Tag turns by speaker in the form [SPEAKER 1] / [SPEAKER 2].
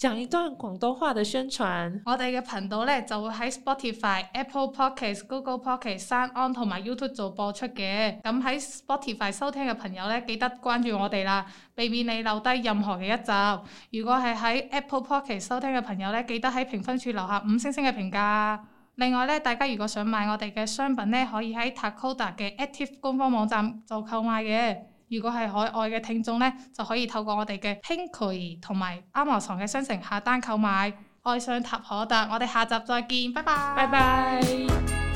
[SPEAKER 1] 講一段廣東話嘅宣傳。
[SPEAKER 2] 我哋嘅頻道呢，就會喺 Spotify、Apple Podcast、Google Podcast、SoundOn 同埋 YouTube 做播出嘅。咁喺 Spotify 收聽嘅朋友呢，記得關注我哋啦，避免你漏低任何嘅一集。如果係喺 Apple Podcast 收聽嘅朋友呢，記得喺評分處留下五星星嘅評價。另外呢，大家如果想買我哋嘅商品呢，可以喺 Takoda 嘅 Active 官方網站做購買嘅。如果係海外嘅聽眾呢，就可以透過我哋嘅 Pinkoi 同埋 Amazon 嘅商城下單購買愛上塔可達。我哋下集再見，拜拜。拜拜。